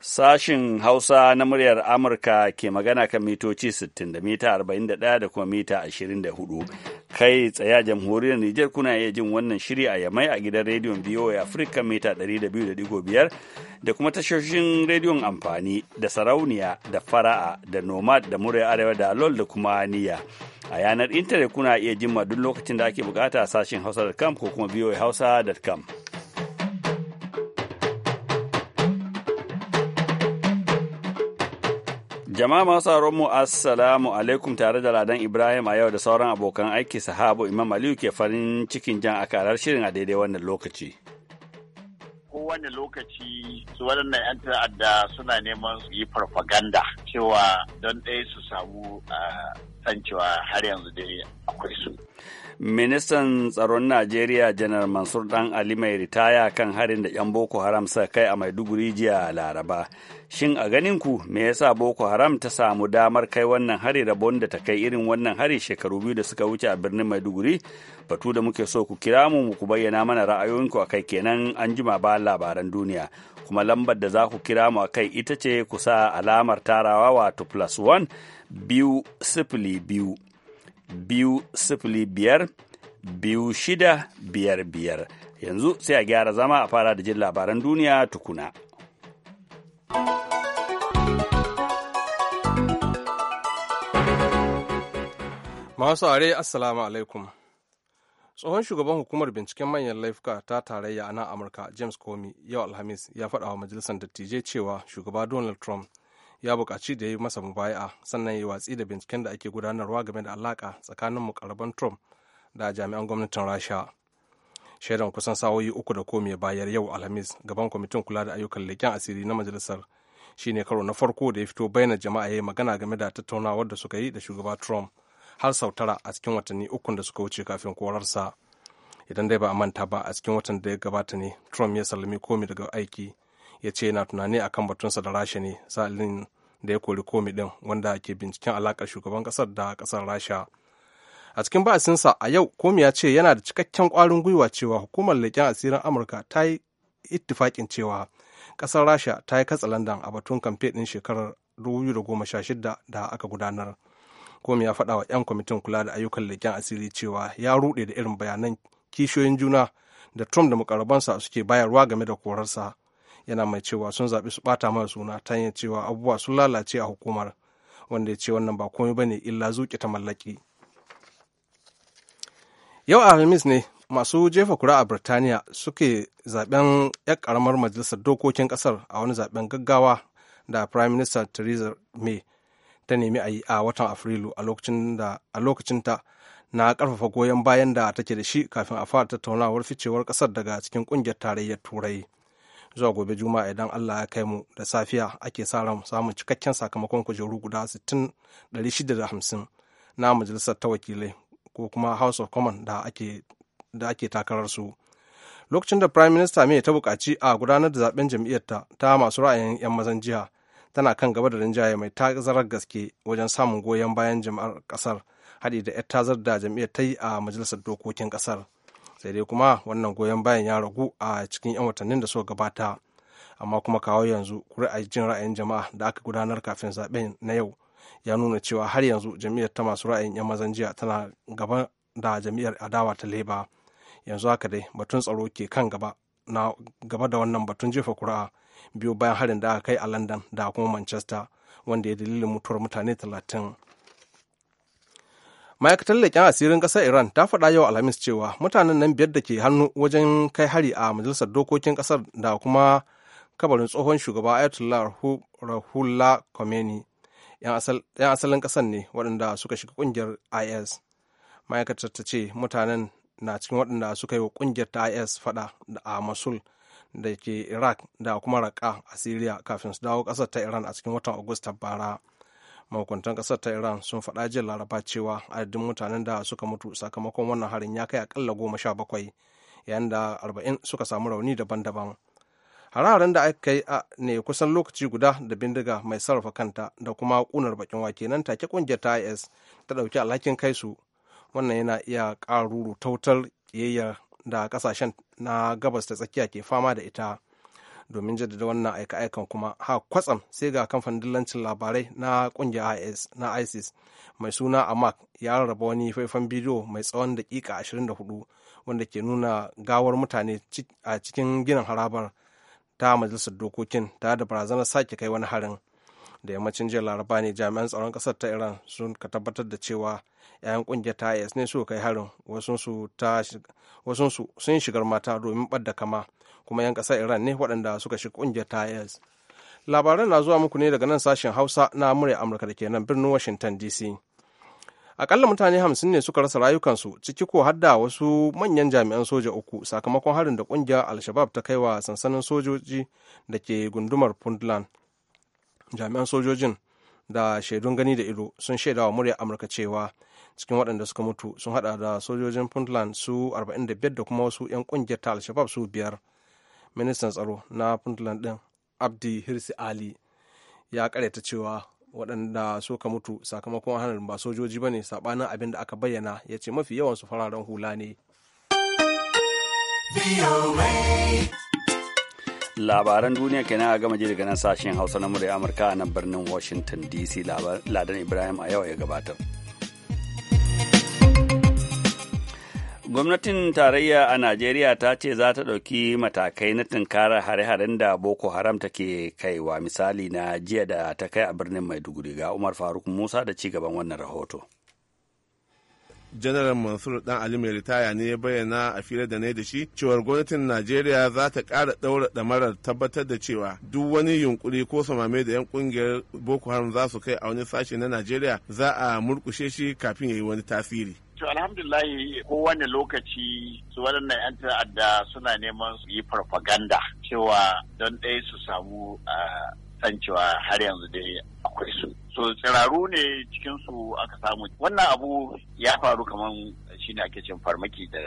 Sashin Hausa na muryar Amurka ke magana kan mitoci 60 da mita 41 da kuma mita 24. kai tsaya jamhuriyar Nijar kuna iya jin wannan shiri a Yamai a gidan rediyon VOA Africa mita 200.5 da kuma tashoshin rediyon amfani da sarauniya da fara'a da nomad da murai arewa da alol da kuma niya a yanar intanet kuna iya jin ma duk lokacin da ake bukata a sashen hausa.com ko kuma voahausa.com Jama'a masu mu assalamu alaikum tare da Ladan Ibrahim a yau da sauran abokan aiki sahabu Imam Aliyu ke farin cikin jan akarar shirin a daidai wannan lokaci. Kowane lokaci su waɗannan 'yan ta'adda suna neman su yi farfaganda cewa don ɗaya su samu a ah, san cewa har yanzu dai akwai su. ministan tsaron najeriya janar mansur dan ali mai ritaya kan harin da 'yan boko haram suka kai a maiduguri jiya laraba shin a ganinku me yasa boko haram ta samu damar kai wannan hari rabon da ta kai irin wannan hari shekaru biyu da suka wuce a birnin maiduguri batu da muke so ku kira mu ku bayyana mana ra'ayoyinku akai kenan an jima ba labaran duniya kuma lambar da za ku kira mu a kai ita ce ku sa alamar tarawa wato plus one biyu sifili biyu biyu sifili biyar biyu shida biyar biyar yanzu sai a gyara zama a fara da jin labaran duniya tukuna. Masu are Assalamu alaikum. Tsohon shugaban hukumar binciken manyan laifuka ta tarayya a nan Amurka, James Comey, yau Alhamis ya faɗa wa majalisar dattijai cewa shugaba Donald Trump ya buƙaci da ya yi masa mubaya'a sannan ya yi watsi da binciken da ake gudanarwa game da alaka tsakanin mukarraban trump da jami'an gwamnatin rasha shaidan kusan sa'o'i uku da komi bayar yau alhamis gaban kwamitin kula da ayyukan leƙen asiri na majalisar shine karo na farko da ya fito bayyana jama'a ya yi magana game da tattaunawar da suka yi da shugaba trump har sau tara a cikin watanni ukun da suka wuce kafin korarsa idan dai ba a manta ba a cikin watan da ya gabata ne trump ya sallami komi daga aiki ya ce yana tunani akan batunsa da rasha ne sa'ilin da ya kori komi din wanda ke binciken alakar shugaban ƙasar da kasar rasha a cikin ba'asinsa a yau komi ya ce yana da cikakken kwarin gwiwa cewa hukumar leƙen asirin amurka ta yi ittifaƙin cewa ƙasar rasha ta yi katsalandan a batun kamfe din shekarar 2016 da aka gudanar komi ya faɗa wa 'yan kwamitin kula da ayyukan leƙen asiri cewa ya ruɗe da irin bayanan kishiyoyin juna da trump da mukarabansa suke bayarwa game da korarsa yana mai cewa sun zaɓi su ɓata mana suna ta hanyar cewa abubuwa sun lalace a hukumar wanda ya ce wannan ba komai ba ne illa zuƙi ta mallaki yau alhamis ne masu jefa kura a birtaniya suke zaben 'yan karamar majalisar dokokin ƙasar a wani zaben gaggawa da prime minister theresa may ta nemi a yi a watan afrilu a lokacin ta na karfafa goyon bayan da take da shi kafin a fara tattaunawar ficewar ƙasar daga cikin ƙungiyar tarayyar turai zuwa gobe juma'a idan allah ya kai mu da safiya ake sa ran samun cikakken sakamakon kujeru guda 650 na majalisar ta wakilai ko kuma house of commons da ake da ake takarar su lokacin da prime minister mai ta bukaci a gudanar da zaben jam'iyyarta ta masu ra'ayin 'yan mazan jiha tana kan gaba da rinjaye mai tazarar gaske wajen samun goyon bayan jama'ar kasar haɗi da 'yar tazar da jam'iyyar ta yi a majalisar dokokin kasar sai dai kuma wannan goyon bayan ya ragu a cikin 'yan watannin da suka gabata amma kuma kawo yanzu kuri'ar jin ra'ayin jama'a da aka gudanar kafin zaben na yau ya nuna cewa har yanzu jami'ar ta masu ra'ayin 'yan mazan jiya tana gaba da jam'iyyar adawa ta leba yanzu haka dai batun tsaro ke kan gaba na gaba da wannan batun jefa kuri'a biyu bayan harin da aka kai a london da kuma manchester wanda ya dalilin mutuwar mutane talatin ma'aikatar leƙen asirin ƙasar iran ta faɗa yau alhamis cewa mutanen nan biyar da ke hannu wajen kai hari a majalisar dokokin ƙasar da kuma kabarin tsohon shugaba ayatollah rahullah khomeini yan asalin ƙasar ne waɗanda suka shiga ƙungiyar is ma'aikatar ta ce mutanen na cikin waɗanda suka yi wa ƙungiyar ta is faɗa a masul da ke iraq da kuma raka a syria kafin su dawo ƙasar ta iran a cikin watan agusta bara mahukuntan kasar ta iran sun faɗa jin laraba cewa adadin mutanen da suka mutu sakamakon wannan harin ya kai akalla goma sha bakwai yayin da arba'in suka samu rauni daban-daban hararen da aka yi ne kusan lokaci guda da bindiga mai sarrafa kanta da kuma kunar bakin wake nan take kungiyar ta is ta ɗauki alhakin kai su wannan yana iya ƙaruru tautar ƙiyayyar da ƙasashen na gabas ta tsakiya ke fama da ita domin jaddada wannan aika-aikan kuma ha kwatsam sai ga kamfanin dillancin labarai na kungiyar is na isis mai suna amak ya rarraba wani faifan bidiyo mai tsawon dakika 24 wanda ke nuna gawar mutane a cikin ginin harabar ta majalisar dokokin ta da barazanar sake kai wani harin da yammacin jiya laraba ne jami'an tsaron kasar ta iran sun ka tabbatar da cewa 'ya'yan kungiyar ta is ne su kai harin wasu sun shigar mata domin badda kama kuma 'yan ƙasar iran ne waɗanda suka shiga ƙungiyar ta is labaran na zuwa muku ne daga nan sashen hausa na murya amurka da ke nan birnin washington dc akalla mutane hamsin ne suka rasa rayukansu ciki ko har da wasu manyan jami'an soja uku sakamakon harin da kungiyar alshabab ta kai wa sansanin sojoji da ke gundumar puntland jami'an sojojin da shaidun gani da ido sun shaida wa murya amurka cewa cikin waɗanda suka mutu sun hada da sojojin puntland su 45 da kuma wasu 'yan ƙungiyar ta alshabab su biyar ministan tsaro na puntland din abdi hirsi ali ya karyata cewa waɗanda suka mutu sakamakon hanar ba sojoji ba ne saɓanin abin da aka bayyana ya ce mafi yawan yawansu fararen hula ne labaran duniya kenan a gama daga nan sashen hausa na murya amurka a nan birnin washington dc ladan ibrahim a yau ya gabatar Gwamnatin tarayya a Najeriya ta ce za ta ɗauki matakai na tunkarar hare-haren da Boko Haram take kaiwa misali na jiya da ta kai a birnin Maiduguri ga Umar Faruk Musa da ci gaban wannan rahoto. Janaral Mansur Dan Ali mai ritaya ne ya bayyana a fira da ne da shi cewar gwamnatin Najeriya za ta ƙara ɗaura ɗamarar tabbatar da cewa duk wani yunkuri ko samame da 'yan ƙungiyar Boko Haram za su kai a wani sashe na Najeriya za a murkushe shi kafin ya yi wani tasiri. To alhamdulillahi kowane lokaci su waɗannan 'yan ta'adda suna neman su yi farfaganda cewa don ɗaya su samu ah, san cewa har yanzu dai akwai su. So tsiraru ne cikinsu aka samu. Wannan abu ya faru kamar shine ake cin farmaki da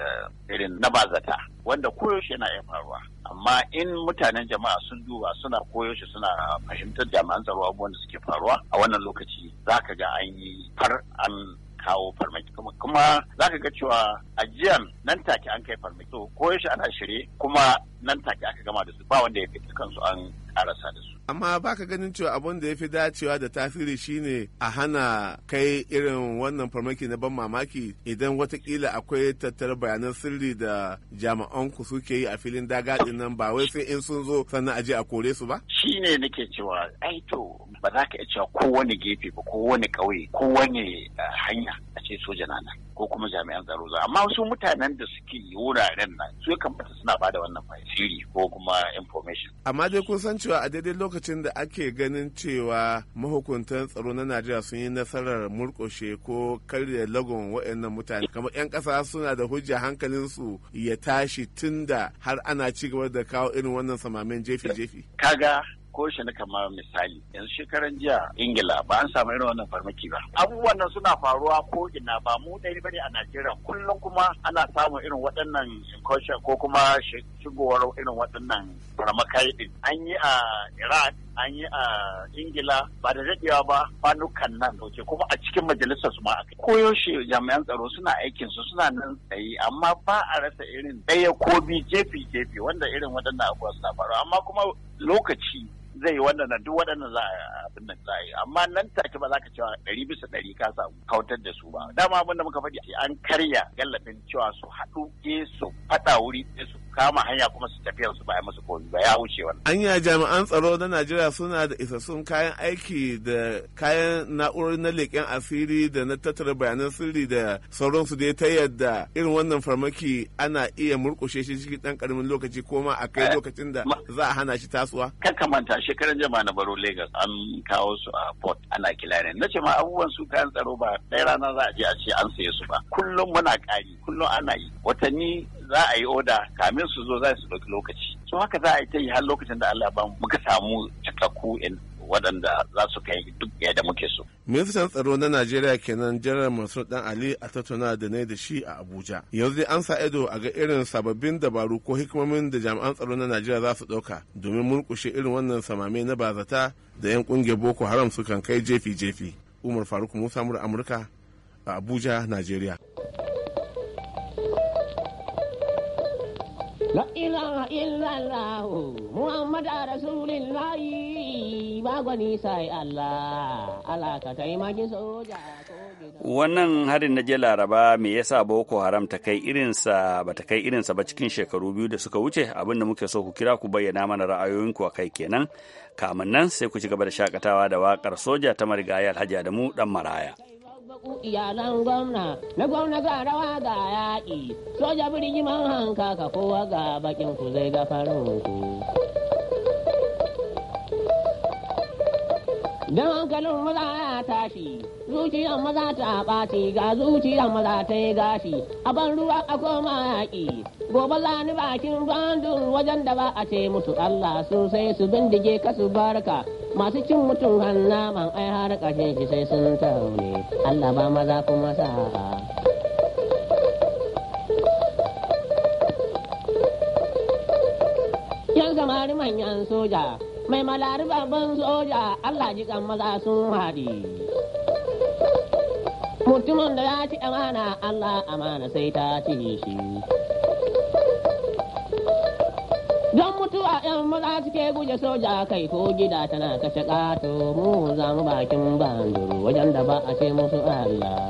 irin na bazata wanda koyaushe yana iya faruwa amma in mutanen jama'a sun duba suna koyaushe suna fahimtar jami'an tsaro abubuwan da suke faruwa a wannan lokaci za ka ga an yi far, an kawo farmaki kuma za ka ga cewa ajiyan nan take an kai farmaki ko yaushe ana shirye kuma nan take aka gama da su ba wanda ya fi kansu an karasa da su amma baka ganin cewa abin da ya fi dacewa da tasiri shine a hana kai irin wannan farmaki na ban mamaki idan watakila akwai tattara bayanan sirri da jami'an ku suke yi a filin dagaɗin nan ba wai sai in sun zo sannan aje a kore su ba shine nake cewa ai to ba za ka iya cewa kowane gefe ba kowane ƙauye kowane eh, hanya a ce soja na nan ko kuma jami'an tsaro za amma wasu mutanen da suke wuraren nan su ya kamata suna bada wannan fasiri ko kuma information amma dai kun san cewa a daidai lokacin lokacin da ake ganin cewa mahukuntan tsaro na najeriya sun yi nasarar murkushe ko karya lagon waɗannan mutane kamar 'yan ƙasa suna da hujja hankalinsu ya tashi tunda har ana ci gaba da kawo irin wannan samamin jefi-jefi kaga ko shi na kamar misali yanzu shekaran jiya ingila ba an samu irin wannan farmaki ba abubuwan nan suna faruwa ko ina ba mu ɗari bane a najeriya kullum kuma ana samun irin waɗannan ko kuma shigowar irin waɗannan farmakai din an yi a iraq an yi a ingila ba da daɗewa ba kwanukan nan ce kuma a cikin majalisar su ma aka koyaushe jami'an tsaro suna aikin su suna nan tsaye amma ba a rasa irin ɗaya ko bi jefi jefi wanda irin waɗannan abubuwa suna faru amma kuma lokaci zai yi wannan duk waɗannan za a abin nan za a yi amma nan take ba za ka cewa ɗari bisa ɗari ka samu kautar da su ba dama abin da muka faɗi an karya gallafin cewa su haɗu ke su faɗa wuri su kama hanya kuma su tafiya su bayan masu komi ba ya wuce wannan. yi jami'an tsaro na Najeriya suna da isassun kayan aiki da kayan na'urar na leƙen asiri da na tattara bayanan sirri da sauransu dai ta yadda irin wannan farmaki ana iya murƙushe shi cikin ɗan ƙaramin lokaci ko ma a kai eh, lokacin da za a hana shi tasowa. Kar ka manta shi shekaran jama'a na baro Lagos an kawo su a port ana kilarin. na ce ma abubuwan su kayan tsaro ba ɗaya rana za a je a ce an saye su ba kullum muna kari, kullum ana yi watanni za a yi oda kamin su zo za su ɗauki lokaci so haka za a yi ta yi har lokacin da Allah ba muka samu cikakku waɗanda za su kai duk yadda muke so. Ministan tsaro na Najeriya kenan Janar masu Dan Ali a tattauna da ne da shi a Abuja. Yanzu an sa ido a ga irin sababbin dabaru ko hikimomin da jami'an tsaro na Najeriya za su ɗauka domin murƙushe irin wannan samame na bazata da 'yan ƙungiyar Boko Haram sukan kai jefi-jefi. Umar Faruk Musa Amurka a Abuja, Najeriya. La ilaha illallah Muhammad Rasulullah ba sai Allah Allah ka taimaki soja Wannan harin na je Laraba me yasa Boko Haram ta kai irinsa ba ta kai irinsa ba cikin shekaru biyu da suka wuce abin da muke so ku kira ku bayyana mana ra'ayoyinku a kai kenan kamun nan sai ku ci gaba da shakatawa da wakar soja ta marigayi Alhaji Adamu dan Maraya. baku iyalan gwamna na gwamna ga rawa ga yaƙi soja birgiman hanka ka kowa ga bakin ku zai ga ku Dankalin maza ya tashi, zuciyar maza ta ɓaci ga zuciyar maza ta yi gashi, a ban ruwa a koma yaƙi. Gobe za ni bakin bandun wajen da ba a ce musu Allah sosai su bindige ka su barka. Masu cin mutum hanna man ai har ƙashe shi sai sun taune. Allah ba maza kuma sa'a. Yan samari manyan soja, mai malari baban soja Allah ji kan maza sun haɗi. Mutumin da ya ci amana Allah amana sai ta ci shi. Don mutuwa ‘yan maza suke guje soja kai ko gida tana kashe ƙato mu zamu bakin banduru wajen da ba a ce musu Allah.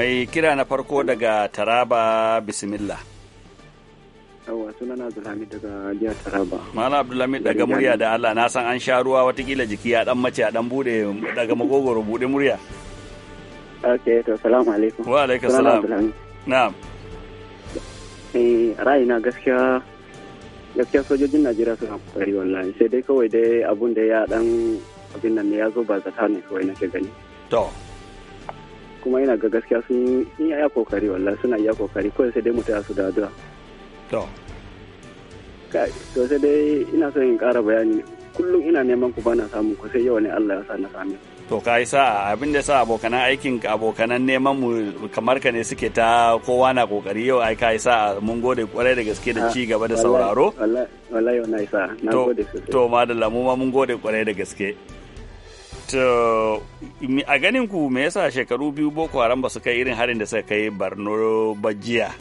mai kira na farko daga taraba bismillah yawa sunana abdulhamid daga jihar taraba mana abdulhamid daga murya da allah na san an sha ruwa watakila jiki ya dan mace a dan bude daga makogoro bude murya ok to salamu alaikum wa alaikum salam na'am eh ra'ayina gaskiya gaskiya sojojin najeriya suna kokari wallahi sai dai kawai dai abun da ya dan abin nan ne ya zo ba zata ne kawai nake gani to kuma ina ga gaskiya sun yi iya kokari wallah suna iya kokari kawai sai dai mu taya su da addu'a to to sai dai ina son in ƙara bayani kullum ina neman ku bana samun ku sai yau ne Allah ya sa na same to ka yi sa abin da sa abokanan aikin abokanan neman mu kamar ka ne suke ta kowa na kokari yau ai ka yi sa mun gode kwarai da gaske da ah, ci gaba da sauraro wallahi wallahi na yi na gode sosai to madalla mu ma mun gode kwarai da gaske To, a ganin ku me yasa shekaru biyu Boko Haram ba su kai irin harin da suka kai Barno bajiya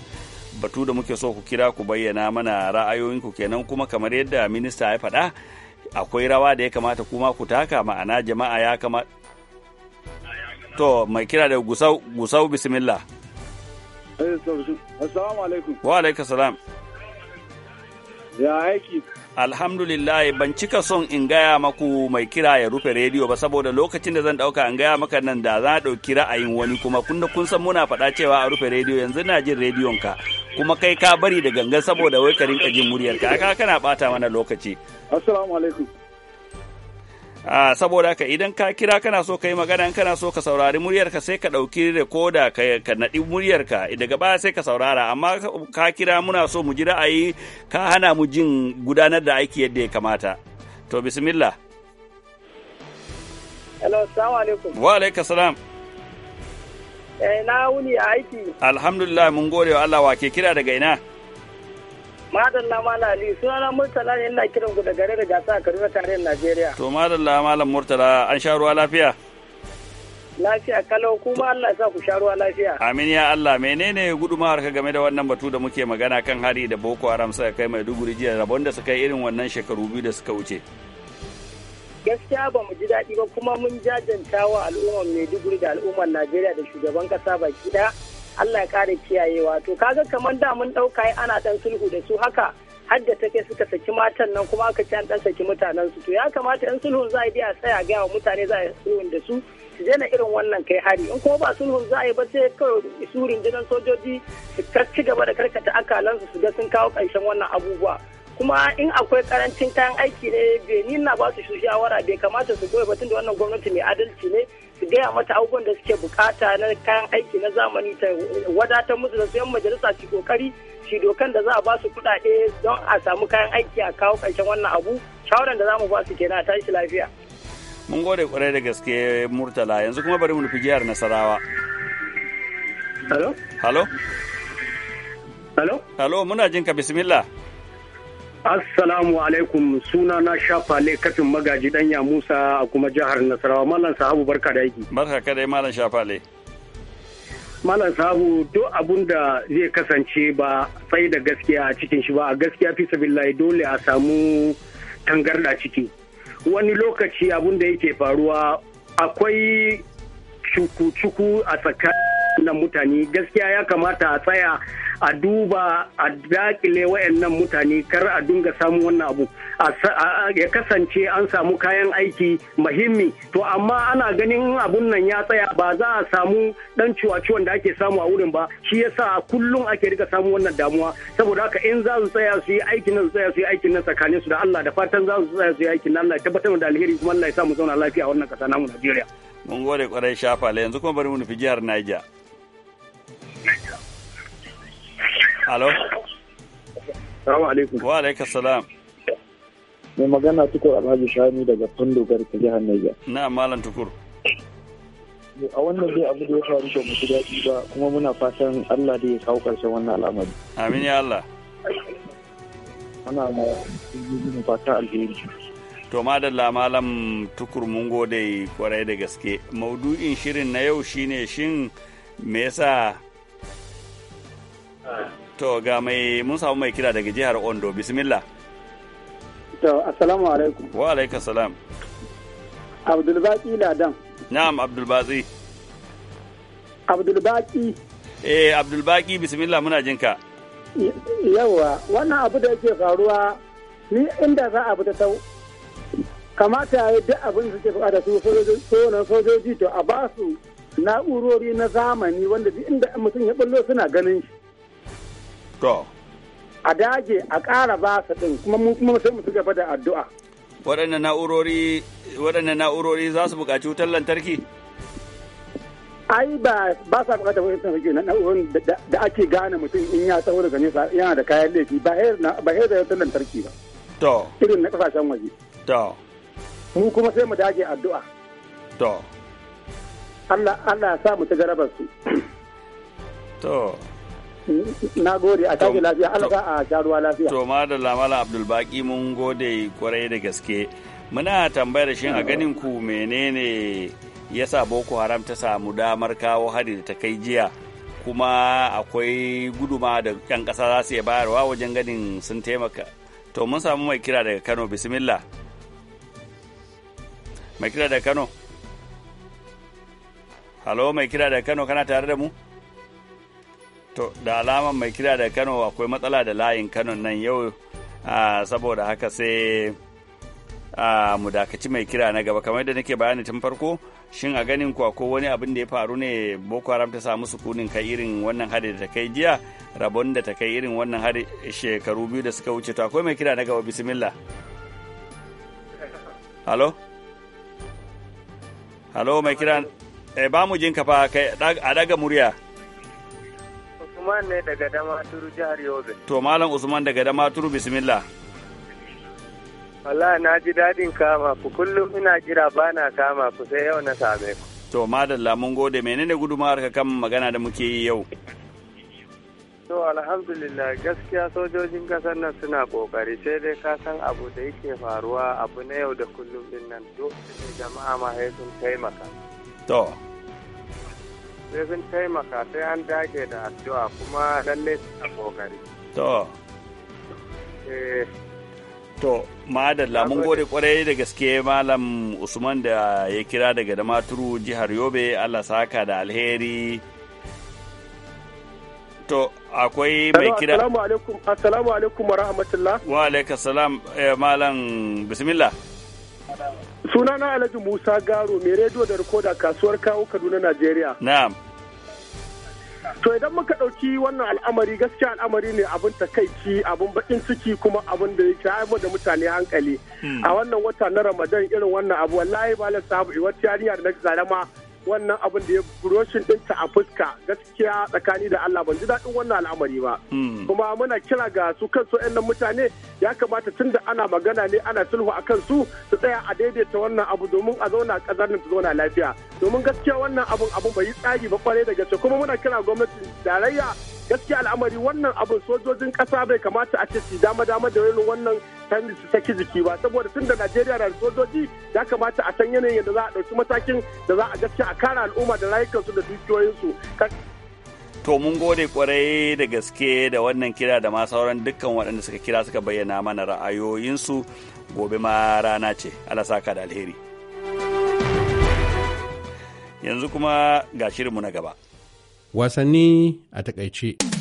Batu da muke so ku kira ku bayyana mana ra'ayoyinku kenan kuma kamar yadda minista ya faɗa akwai rawa da ya kamata kuma ku taka ma'ana jama'a ya kamata. To, mai kira da gusau, gusau bismillah. Eh, assalamu alaikum. Wa alaikum salam. Ya aiki. alhamdulillah ban cika son in gaya maku mai kira ya rufe rediyo ba saboda lokacin da zan ɗauka in gaya maka nan da za ɗauki ra'ayin wani kuma kun kun san muna faɗa cewa a rufe rediyo yanzu na jin rediyon ka kuma kai ka bari da gangan saboda wai ka rinka jin muryar ka kana bata mana lokaci assalamu alaikum saboda haka idan ka kira kana so ka yi magana kana so ka saurari muryarka sai ka ɗauki rekoda ka naɗi muryarka daga baya sai ka saurara amma ka kira muna so mu ji ra'ayi ka hana mu jin gudanar da aiki yadda ya kamata to bismillah hello wa alaikum salam eh na wuni aiki alhamdulillah mun gode wa Allah wa ke kira daga ina Madalla Malam Ali sunana Murtala ne ina kiran ku da gare da gasa a Kaduna tarayyar Najeriya. To Madalla Malam Murtala an sha ruwa lafiya? Lafiya kalau kuma Allah sa ku sha ruwa lafiya. Amin ya Allah menene gudumawar ka game da wannan batu da muke magana kan hari da Boko Haram suka kai Maiduguri jiya rabon da suka yi irin wannan shekaru biyu da suka wuce. gaskiya ba mu ji daɗi ba kuma mun jajanta wa al'ummar maiduguri da al'ummar najeriya da shugaban ƙasa baki ɗaya Allah ya kare kiyayewa to kaga kamar da mun dauka ana dan sulhu da su haka har da take suka saki matan nan kuma aka ci an dan saki mutanen su to ya kamata in sulhun za a yi a tsaya ga mutane za a yi sulhun da su su daina irin wannan kai hari in kuma ba sulhun za a yi ba sai kawai surin rundunar sojoji su ci gaba da karkata akalan su ga sun kawo karshen wannan abubuwa kuma in akwai karancin kayan aiki ne benin na ba su shawara bai kamata su goyi batun da wannan gwamnati mai adalci ne su gaya mata abubuwan da suke bukata na kayan aiki na zamani ta wadatar musu da sayan majalisa su kokari shi dokan da za a ba su kuɗaɗe don a samu kayan aiki a kawo karshen wannan abu shawaran da za mu ba su ke a tashi lafiya. mun gode kwarai da gaske murtala yanzu kuma bari mu nufi jihar nasarawa halo halo halo halo muna jinka bismillah Assalamu alaikum suna na shafa le kafin magaji danya Musa a kuma jihar Nasarawa Malam Sahabu barka da aiki. Barka kadai Malam shafa le. Malam Sahabu duk abun da zai kasance ba sai da gaskiya a cikin shi ba a gaskiya fi sabillahi dole a samu tangarda ciki. Wani lokaci abun da yake faruwa akwai cuku a tsakanin mutane gaskiya ya kamata a tsaya a duba a dakile wayannan mutane kar a dinga samu wannan abu ya kasance an samu kayan aiki muhimmi to amma ana ganin abun nan ya tsaya ba za a samu dan ciwon da ake samu a wurin ba shi yasa kullum ake rika samu wannan damuwa saboda haka in za su tsaya su yi aikin nan su tsaya su yi aikin nan tsakanin su da Allah da fatan za su tsaya su yi aikin nan Allah ya tabbatar da alheri kuma Allah ya sa mu zauna lafiya a wannan kasa namu Najeriya mun gode kwarai shafa yanzu kuma bari mu nufi jihar Niger Niger Alo. Salamu alaikum. Wa alaikum salam. Mai magana tukur Alhaji Shani daga Fundo Garki jihar Niger. Na malam tukur. A wannan dai abu da ya faru da mutu daɗi ba kuma muna fatan Allah da ya kawo ƙarshen wannan al'amari. Amin ya Allah. Ana ma fatan alheri. To madalla malam tukur mun gode kwarai da gaske. Maudu'in shirin na yau shine shin me yasa to ga mai mun samu mai kira daga jihar ondo bismillah to assalamu alaikum wa alaikum salam abdulbaki ladan na'am abdulbaki abdulbaki eh abdulbaki bismillah muna jinka yawa wannan abu da yake faruwa ni inda za a ta tau kamata ya yi duk abin da suke da su sojoji to a ba su na'urori na zamani wanda duk inda mutum ya ballo suna ganin shi a dage a ƙara ba su ɗin kuma mun kuma sai mu ci gaba da addu'a waɗannan na'urori za su buƙaci wutar lantarki ai ba ba sa buƙatar wutar lantarki na na'urorin da ake gane mutum in ya tsawo daga nesa yana da kayan laifi ba hayar da wutar lantarki ba to irin na ƙasashen waje to mu kuma sai mu dage addu'a to Allah Allah ya sa mu ci garabar su to na gode a tage lafiya Allah a jaruwa lafiya to madalla mala abdul baki mun gode kwarai da gaske muna tambayar shin a ganin ku menene yasa boko haram ta samu damar kawo hari da ta kai jiya kuma akwai guduma da 'yan ƙasa za su iya bayarwa wajen ganin sun taimaka to mun samu mai kira daga kano bismillah mai kira daga kano halo mai kira daga kano kana tare da mu to da alaman mai kira da kano akwai matsala da layin kano nan yau saboda haka sai mu dakaci mai kira na gaba kamar da nake bayani tun farko shin a ganin ku ko wani abin da ya faru ne boko haram ta samu sukunin kai irin wannan hari da ta kai jiya rabon da ta kai irin wannan hari shekaru biyu da suka wuce to akwai mai kira na gaba bismillah halo halo mai kira eh, ba mu jin kafa a daga murya Usman ne daga Damaturu jihar Yobe. To Malam Usman daga Damaturu bismillah. Wallahi na ji dadin kama ku kullum ina jira bana kama ku sai yau na same ku. To madalla mun gode menene gudumar ka kan magana da muke yi yau? To alhamdulillah gaskiya sojojin kasar nan suna kokari sai dai ka san abu da yake faruwa abu na yau da kullum din nan dole jama'a ma sai sun taimaka. To sai sun taimaka sai an dage da addu'a kuma lalle a kokari to eh. To, madalla mun gode kwarai da gaske Malam Usman da ya kira daga Damaturu jihar Yobe, Allah saka da alheri. To, akwai mai kira. Assalamu alaikum wa rahmatullah. Wa alaika eh, Malam Bismillah. Sunana Alhaji Musa Garo mai rediyo da rikoda kasuwar kawo Kaduna Najeriya. Na'am. To idan muka ɗauki wannan al'amari gaskiya al'amari ne abin takaici abin bakin ciki kuma abin da yake haifar da mutane hankali. Hmm. A wannan wata na Ramadan irin wannan abu wallahi malam sahabu iwar yarinya da na zarama wannan abin da ya buroshin dinta a fuska gaskiya tsakani da Allah ban ji daɗin wannan al'amari ba. Hmm. Kuma muna kira ga su kansu 'yan nan mutane ya kamata tun da ana magana ne ana sulhu a kansu su tsaya a daidaita wannan abu domin a zauna ƙasar nan ta zauna lafiya. Domin gaskiya wannan abun abu bai yi tsari ba kwarai da gaske kuma muna kira gwamnatin tarayya gaskiya al'amari wannan abin sojojin ƙasa bai kamata a ce su dama dama da irin wannan canji su saki jiki ba saboda tun da najeriya da sojoji ya kamata a san yanayin da za a ɗauki matakin da za a gaske a kare al'umma da rayukansu da dukiyoyinsu To mun gode kwarai da gaske da wannan kira da ma sauran dukkan waɗanda suka kira suka bayyana mana ra'ayoyinsu gobe ma rana ce Allah saka da alheri. Yanzu kuma ga shirinmu na gaba. Wasanni a takaice.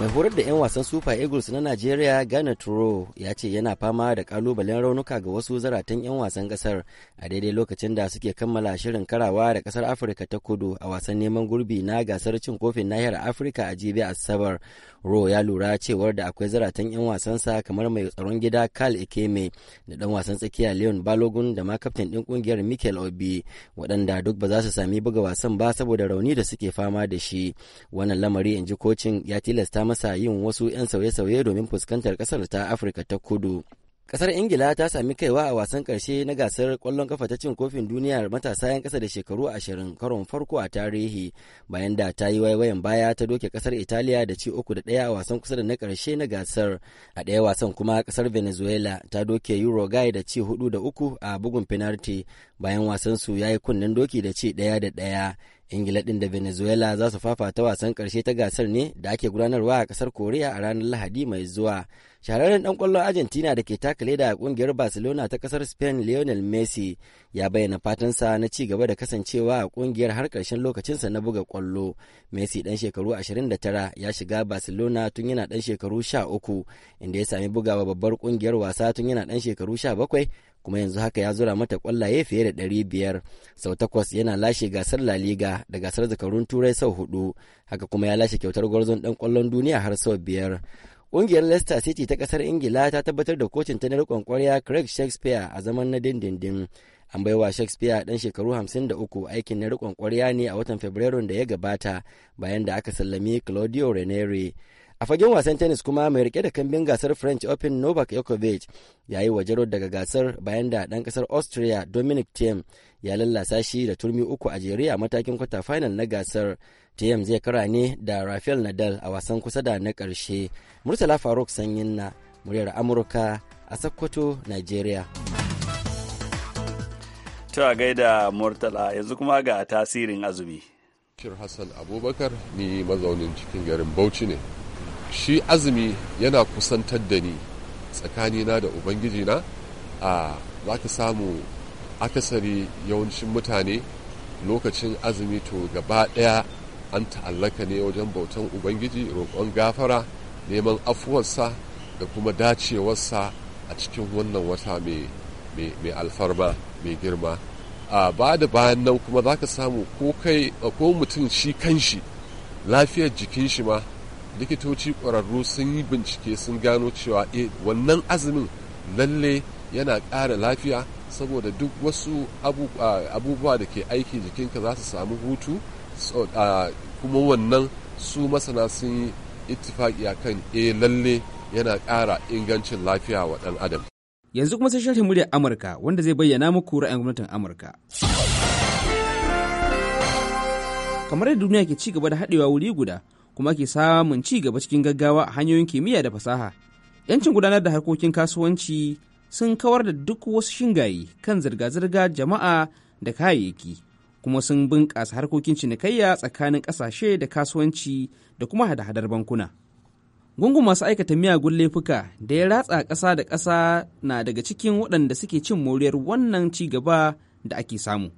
mai horar da 'yan wasan super eagles na nigeria ghana turo ya ce yana fama da kalubalen raunuka ga wasu zaratan 'yan wasan kasar a daidai lokacin da suke kammala shirin karawa da kasar afirka ta kudu a wasan neman gurbi na gasar cin kofin nahiyar afirka a jibi asabar ro ya lura cewar da akwai zaratan 'yan wasansa kamar mai tsaron gida karl ekeme da dan wasan tsakiya leon balogun da ma kaftin din kungiyar michael obi waɗanda duk ba za su sami buga wasan ba saboda rauni da suke fama da shi wannan lamari in ji kocin ya tilasta masa yin wasu 'yan sauye-sauye domin fuskantar kasar ta afirka ta kudu kasar ingila ta sami kaiwa a wasan karshe na gasar kwallon kafa ta cin kofin duniyar matasa 'yan kasa da shekaru ashirin karon farko a tarihi bayan da ta yi waiwayan baya ta doke kasar italiya da ci uku da ɗaya a wasan kusa da na karshe na gasar a ɗaya wasan kuma kasar venezuela ta doke uruguay da ci hudu da uku a bugun penalty bayan wasan su ya yi kunnen doki da ci daya da daya ingila din da venezuela za su fafata wasan karshe ta gasar ne da ake gudanarwa a kasar korea a ranar lahadi mai zuwa shahararren dan kwallon argentina da ke takale da kungiyar barcelona ta kasar spain lionel messi ya bayyana fatansa na ci gaba da kasancewa a kungiyar har karshen lokacinsa na buga kwallo messi dan shekaru 29 ya shiga barcelona tun yana dan shekaru 13 inda ya sami bugawa babbar kungiyar wasa tun yana dan shekaru 17 kuma yanzu haka ya zura mata kwallaye fiye da ɗari biyar sau takwas yana lashe gasar la liga da gasar zakarun turai sau hudu haka kuma ya lashe kyautar gwarzon ɗan ƙwallon duniya har sau biyar Ƙungiyar Leicester City ta ƙasar Ingila ta tabbatar da kocin ta na riƙon ƙwarya Craig Shakespeare a zaman na dindindin. An baiwa Shakespeare dan shekaru 53 aikin na riƙon ƙwarya ne a watan Fabrairun da ya gabata bayan da aka sallami Claudio Ranieri. a fagen wasan tennis kuma mai rike da kambin gasar french open novak yakovic ya yi wajero daga gasar bayan da dan kasar austria dominic thiem ya lallasa shi da turmi uku a jere a matakin kwata final na gasar thiem zai kara ne da rafael nadal a wasan kusa da na karshe murtala faruk sanyin na muryar amurka a sokoto nigeria ta gaida murtala yanzu kuma ga tasirin azumi Kir Hassan Abubakar ni mazaunin cikin garin Bauchi ne shi azumi yana kusantar da ni tsakanina da ubangijina a za ka samu akasari yawancin mutane lokacin azumi to gaba ɗaya an ta'allaka ne wajen bautan ubangiji roƙon gafara neman afuwarsa da kuma dacewarsa a cikin wannan wata mai alfarma mai girma a ba da bayan nan kuma za ka samu ko mutum shi kanshi lafiyar jikin shi ma likitoci ƙwararru sun yi bincike sun gano cewa e wannan azumin lalle yana ƙara lafiya saboda duk wasu abubuwa da ke aiki jikinka za su samu hutu kuma wannan su masana sun yi ittifaki akan e eh, lalle yana ƙara ingancin lafiya wa ɗan adam yanzu kuma sai sharhin muryar amurka wanda zai bayyana muku ra'ayin gwamnatin amurka kamar yadda duniya ke ci gaba da haɗewa wuri guda kuma ke samun ci gaba cikin gaggawa a hanyoyin kimiyya da fasaha yancin gudanar da harkokin kasuwanci sun kawar da duk wasu shingaye kan zirga-zirga jama'a da kayayyaki kuma sun bunƙasa harkokin cinikayya tsakanin ƙasashe da kasuwanci da kuma hada-hadar bankuna gungun masu aikata miyagun laifuka da ya ratsa ƙasa da ƙasa na daga cikin waɗanda suke cin moriyar wannan ci gaba da ake samu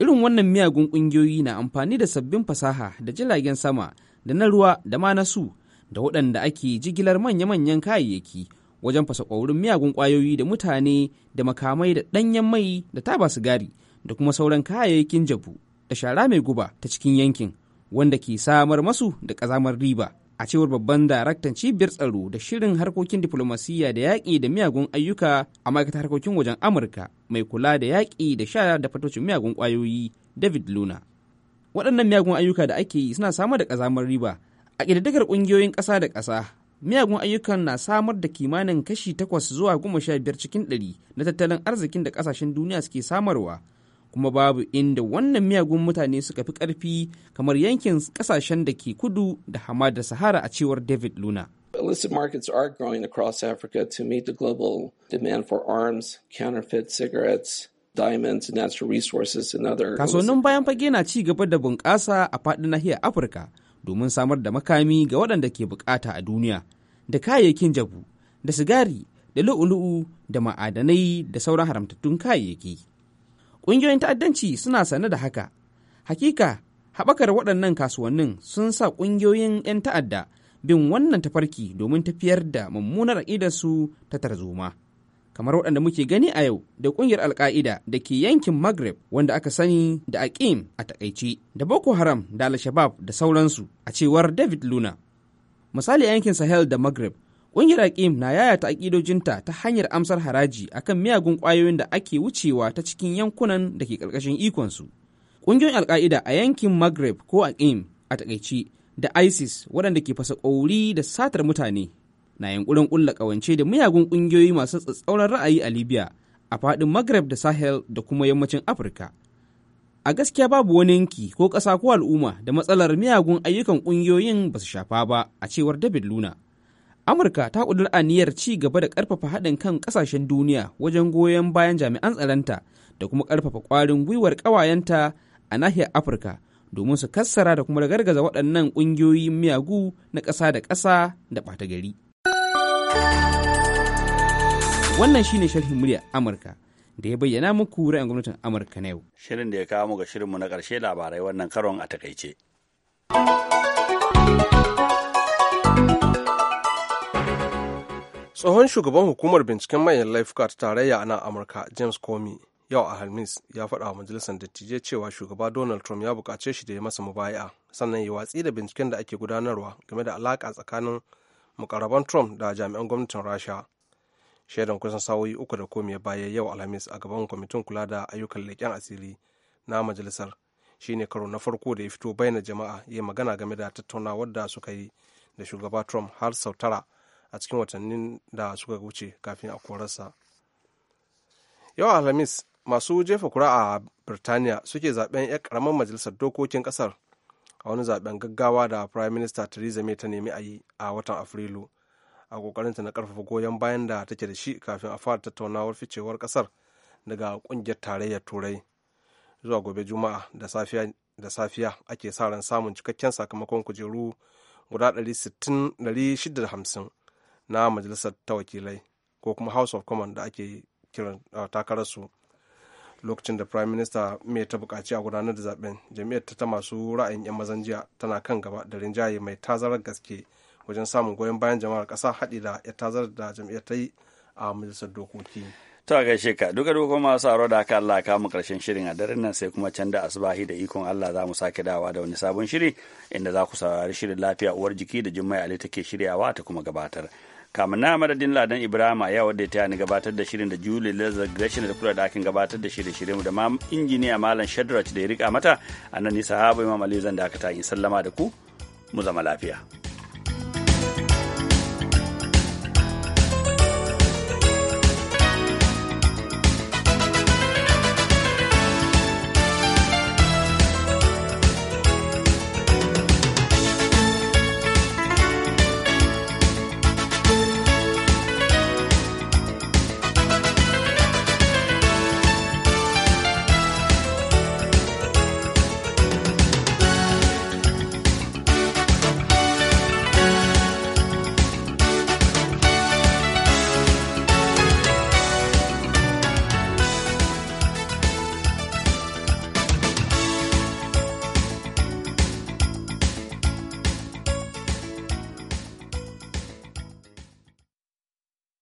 irin wannan miyagun ƙungiyoyi na amfani da sabbin fasaha da jiragen sama da na ruwa da ma na su da waɗanda ake jigilar manya-manyan kayayyaki wajen fasa ƙwaurin miyagun ƙwayoyi da mutane da makamai da ɗanyen mai da taba sigari da kuma sauran kayayyakin jabu da shara mai guba ta cikin yankin wanda ke samar masu da ƙazamar riba a cewar babban daraktan cibiyar tsaro da shirin harkokin diflomasiyya da yaƙi da miyagun ayyuka a ma'aikatar harkokin wajen amurka mai kula da yaƙi da sha da fatocin miyagun ƙwayoyi david luna waɗannan miyagun ayyuka da ake yi suna samar da ƙazamar riba a ƙididdigar ƙungiyoyin ƙasa da ƙasa miyagun ayyukan na samar da kimanin kashi takwas zuwa goma sha biyar cikin ɗari na tattalin arzikin da ƙasashen duniya suke samarwa kuma babu inda wannan miyagun mutane suka fi ƙarfi kamar yankin ƙasashen da ke kudu da da sahara a cewar david luna illicit markets are growing across Africa to meet the global demand for arms, counterfeit cigarettes, diamonds, natural resources and other. Kasuwannin bayan fage na ci gaba da bunƙasa a faɗin nahiyar Afirka domin samar da makami ga waɗanda ke buƙata a duniya da kayayyakin jabu da sigari da lu'ulu'u da ma'adanai da sauran haramtattun kayayyaki. Ƙungiyoyin ta'addanci suna sane da haka. Hakika haɓakar waɗannan kasuwannin sun sa ƙungiyoyin 'yan ta'adda bin wannan tafarki domin tafiyar da mummunar su ta tarzoma. kamar waɗanda muke gani a yau da ƙungiyar alka'ida da ke yankin maghreb wanda aka sani da aqim a takaici da boko haram da al-shabab da sauransu a cewar david luna misali yankin sahel da maghreb ƙungiyar aqim na yayata aƙidojinta ta hanyar amsar haraji akan miyagun ƙwayoyin da ake wucewa ta cikin yankunan da ke ƙarƙashin ikonsu ƙungiyoyin alka'ida a yankin maghreb ko aqim a takaici da isis waɗanda ke fasa ƙauri da satar mutane na yankurin ƙulla ƙawance da miyagun ƙungiyoyi masu tsatsauran ra'ayi a libya a faɗin maghreb da sahel da kuma yammacin afirka a gaskiya babu wani yanki ko ƙasa ko al'umma da matsalar miyagun ayyukan ƙungiyoyin ba su shafa ba a cewar david luna amurka ta kudur aniyar ci gaba da ƙarfafa haɗin kan ƙasashen duniya wajen goyon bayan jami'an tsaronta da kuma ƙarfafa ƙwarin gwiwar ƙawayenta a nahiyar afirka domin su kassara da kuma gargaza waɗannan ƙungiyoyin miyagu na ƙasa da ƙasa da ɓata gari. Wannan shine sharhin murya Amurka da ya bayyana muku ra'ayin gwamnatin Amurka na yau. Shirin da ya kawo mu ga shirinmu na ƙarshe labarai wannan karon a takaice. Tsohon shugaban hukumar binciken manyan laifuka ta tarayya a nan Amurka, James Comey, yau a Halmis ya faɗa wa majalisar dattijai cewa shugaba Donald Trump ya buƙace shi da ya masa mubaya sannan yi watsi da binciken da ake gudanarwa game da alaƙa tsakanin mukarraban trump da jami'an gwamnatin rasha shaidan kusan sa'o'i uku da komiya baya yau alhamis a gaban kwamitin kula da ayyukan leƙen asiri na majalisar shine karo na farko da ya fito bayyana jama'a ya magana game da tattaunawar da suka yi da shugaba trump har sau tara a cikin watannin da suka wuce kafin a korarsa yau alhamis masu jefa kura a birtaniya suke zaben 'yan karamar majalisar dokokin kasar a wani zaben gaggawa da prime minister theresa may ta nemi a yi a watan afrilu a kokarinta na karfafa goyon bayan da take da shi kafin a fara tattaunawar ficewar kasar daga kungiyar tarayyar turai zuwa gobe juma'a da safiya ake sa ran samun cikakken sakamakon kujeru guda 650 na majalisar ta wakilai ko kuma house of commons da ake kiran takararsu lokacin da prime minister mai ta bukaci a gudanar da zaben jami'ar ta masu ra'ayin 'yan mazan jiya tana kan gaba da rinjaye mai tazarar gaske wajen samun goyon bayan jama'ar kasa haɗi da ya tazarar da jam'iyyar ta yi a majalisar dokoki. ta gaishe ka duka duka kuma aro da aka Allah mu karshen shirin a daren nan sai kuma can da asbahi da ikon Allah za mu sake dawa da wani sabon shiri inda za ku saurari shirin lafiya uwar jiki da Jummai Ali take shiryawa ta kuma gabatar. kamar na madadin ladan ibrahim a wadda da ta ni gabatar da shirin da julie lazar gresham da kula da akin gabatar da shirye shirye da ma injiniya malam shadrach da ya rika mata a nan nisa habu imam aliyu zan da aka ta yi sallama da ku mu zama lafiya.